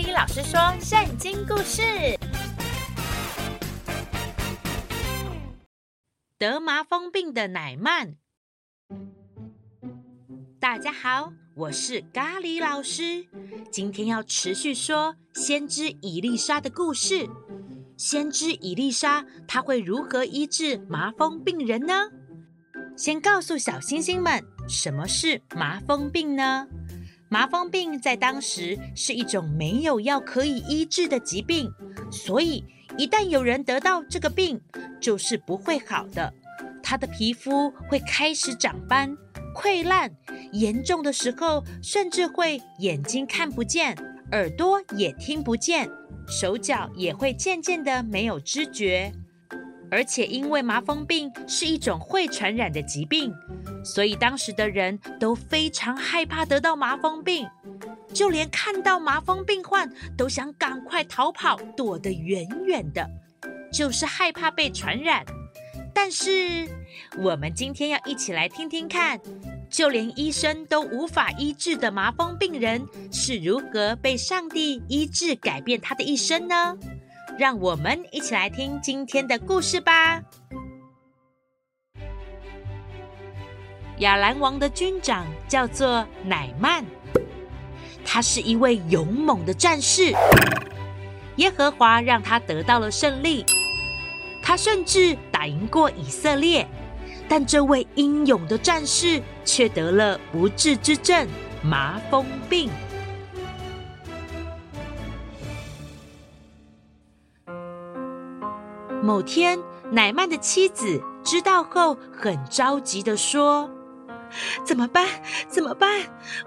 咖哩老師說：“聖經故事，得麻風病的乃縵。大家好，我是咖喱老師。今天要持續說先知以利沙的故事。先知以利沙，她會如何醫治麻風病人呢？先告訴小星星們，什麼是麻風病呢？”麻風病在當時是一種沒有藥可以醫治的疾病，所以一旦有人得到這個病，就是不會好的。他的皮膚會開始長斑、潰爛，嚴重的時候甚至會眼睛看不見、耳朵也聽不見、手腳也會漸漸的沒有知覺。而且，因為麻風病是一種會傳染的疾病，所以當時的人都非常害怕得到麻風病，就連看到麻風病患都想趕快逃跑，躲得遠遠的，就是害怕被傳染。但是，我們今天要一起來聽聽看，就連醫生都無法醫治的麻風病人是如何被上帝醫治，改變他的一生呢？讓我們一起來聽今天的故事吧。亞蘭王的軍長叫做乃縵，他是一位勇猛的戰士。耶和華讓他得到了勝利，他甚至打贏過以色列。但這位英勇的戰士卻得了不治之症——麻風病。某天，乃縵的妻子知道後，很着急地說：“怎麼辦？怎麼辦？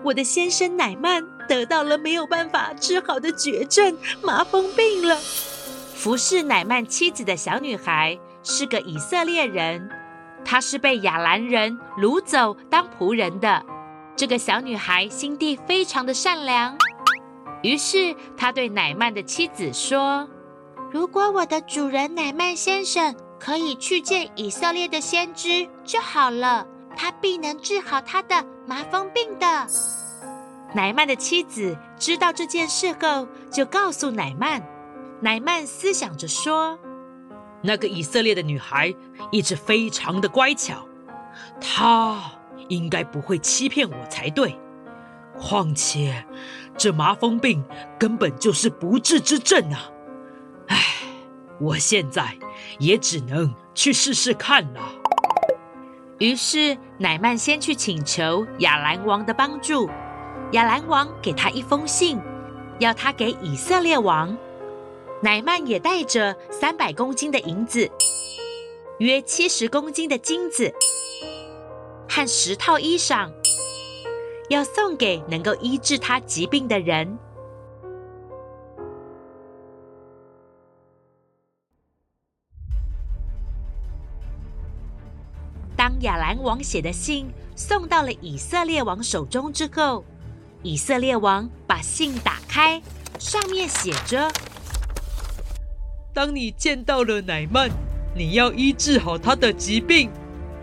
我的先生乃縵得到了沒有辦法治好的絕症——麻風病了。”服侍乃縵妻子的小女孩是個以色列人，她是被亞蘭人擄走當僕人的。這個小女孩心地非常的善良，於是她對乃縵的妻子說。如果我的主人乃縵先生可以去見以色列的先知就好了，他必能治好他的麻風病的。乃縵的妻子知道這件事後，就告訴乃縵。乃縵思想着說：“那個以色列的女孩一直非常的乖巧，她應該不會欺騙我才對。況且，這麻風病根本就是不治之症啊！”唉，我現在也只能去試試看了啊。於是，乃縵先去請求亞蘭王的幫助，亞蘭王給他一封信，要他給以色列王。乃縵也帶着三百公斤的銀子，約七十公斤的金子，和十套衣裳，要送給能夠醫治他疾病的人。亞蘭王寫的信送到了以色列王手中之後，以色列王把信打開，上面寫着：“當你見到了乃縵，你要醫治好他的疾病。”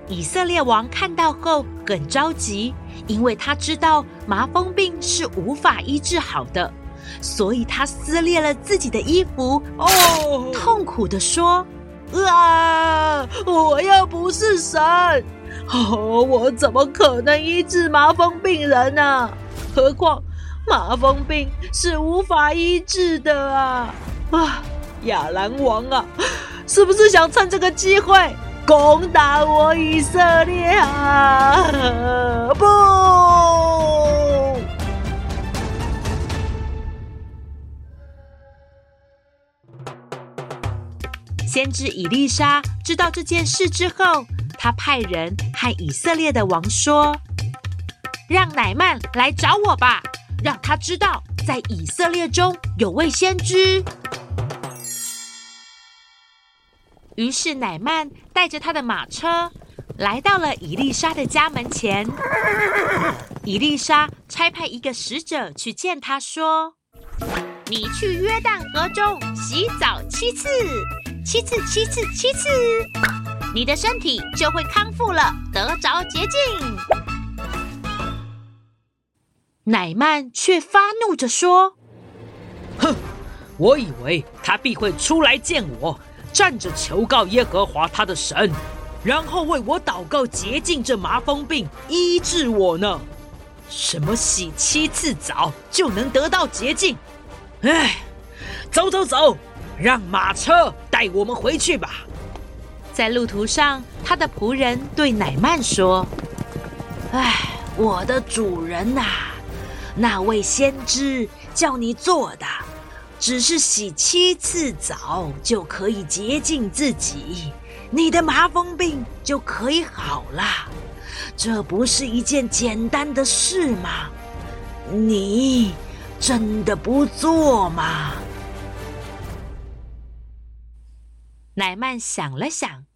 以色列王看到後很着急，因為他知道麻風病是無法醫治好的，所以他撕裂了自己的衣服，哦，痛苦地說。啊！我又不是神，呵呵，我怎麼可能醫治麻風病人呢？啊？何況麻風病是無法醫治的啊！啊，亞蘭王啊，是不是想趁這個機會攻打我以色列啊？啊，不！先知以利沙知道這件事之後，他派人和以色列的王說：“讓乃縵來找我吧，讓他知道在以色列中有位先知。”於是乃縵帶着他的馬車來到了以利沙的家門前。以利沙差派一個使者去見他，說：“你去約旦河中洗澡七次。”七次，七次，七次，你的身體就會康復了，得着潔淨。乃縵卻發怒着說：“哼，我以為他必會出來見我，站着求告耶和華他的神，然後為我禱告，潔淨這麻風病，醫治我呢。什麼洗七次澡就能得到潔淨？哎，走走走，讓馬車。”帶我們回去吧。在路途上，他的僕人對乃縵說：“唉，我的主人吶，那位先知叫你做的，只是洗七次澡就可以潔淨自己，你的麻風病就可以好了。這不是一件簡單的事嗎？你真的不做嗎？”乃縵想了想，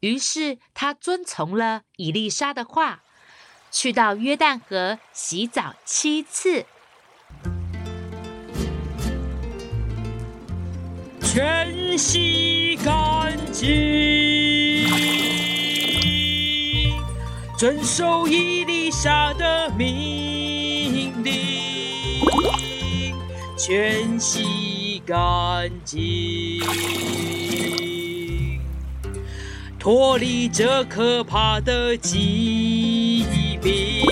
於是他遵從了以利沙的話，去到約旦河洗澡七次，全洗乾淨，遵守以利沙的命令，全洗乾淨。脫離這可怕的疾病，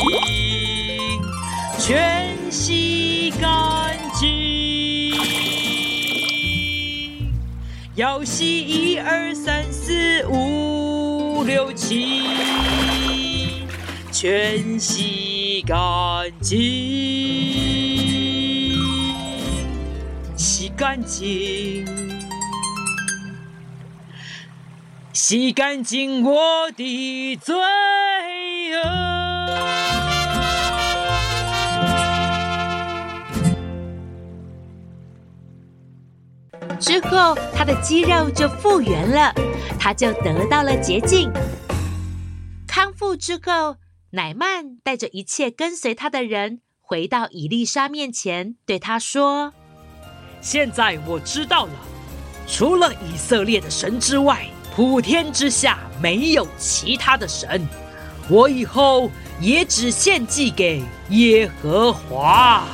全洗乾淨。要洗一二三四五六七，全洗乾淨，洗乾淨。洗乾淨我的罪惡，啊。之後，他的肌肉就復原了，他就得到了潔淨。康復之後，乃縵帶着一切跟隨他的人回到以利沙面前，對他說：“現在我知道了，除了以色列的神之外。”普天之下沒有其他的神，我以後也只獻祭給耶和華。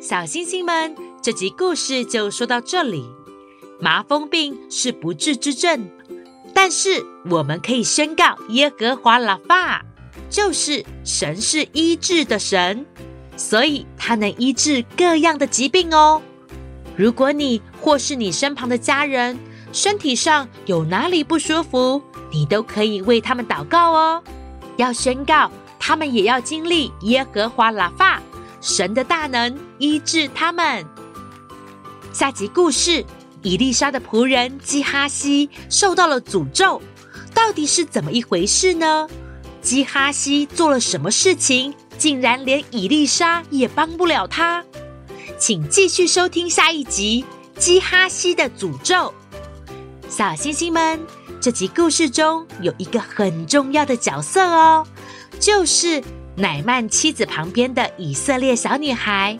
小星星們，這集故事就說到這裡。麻風病是不治之症，但是我們可以宣告：耶和華拉法就是神，是醫治的神。所以，它能醫治各樣的疾病哦。如果你或是你身旁的家人身體上有哪裡不舒服，你都可以為他們禱告哦。要宣告，他們也要經歷耶和華拉法神的大能，醫治他們。下集故事：以利沙的僕人基哈西受到了詛咒，到底是怎麼一回事呢？基哈西做了什麼事情？竟然連以利沙也幫不了他，請繼續收聽下一集《基哈西的詛咒》。小星星們，這集故事中有一個很重要的角色哦，就是乃縵妻子旁邊的以色列小女孩。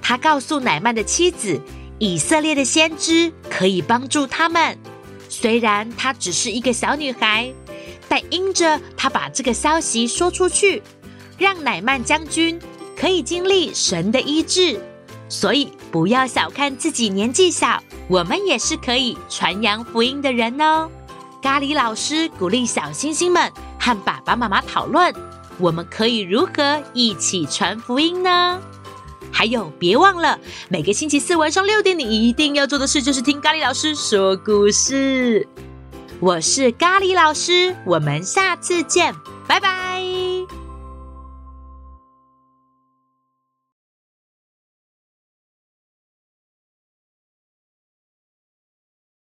她告訴乃縵的妻子，以色列的先知可以幫助他們。雖然她只是一個小女孩，但因着她把這個消息說出去。讓乃縵將軍可以經歷神的醫治，所以不要小看自己年紀小，我們也是可以傳揚福音的人哦。咖哩老師鼓勵小星星們和爸爸媽媽討論，我們可以如何一起傳福音呢？還有，別忘了每個星期四晚上六點，你一定要做的事就是聽咖哩老師說故事。我是咖哩老師，我們下次見，拜拜。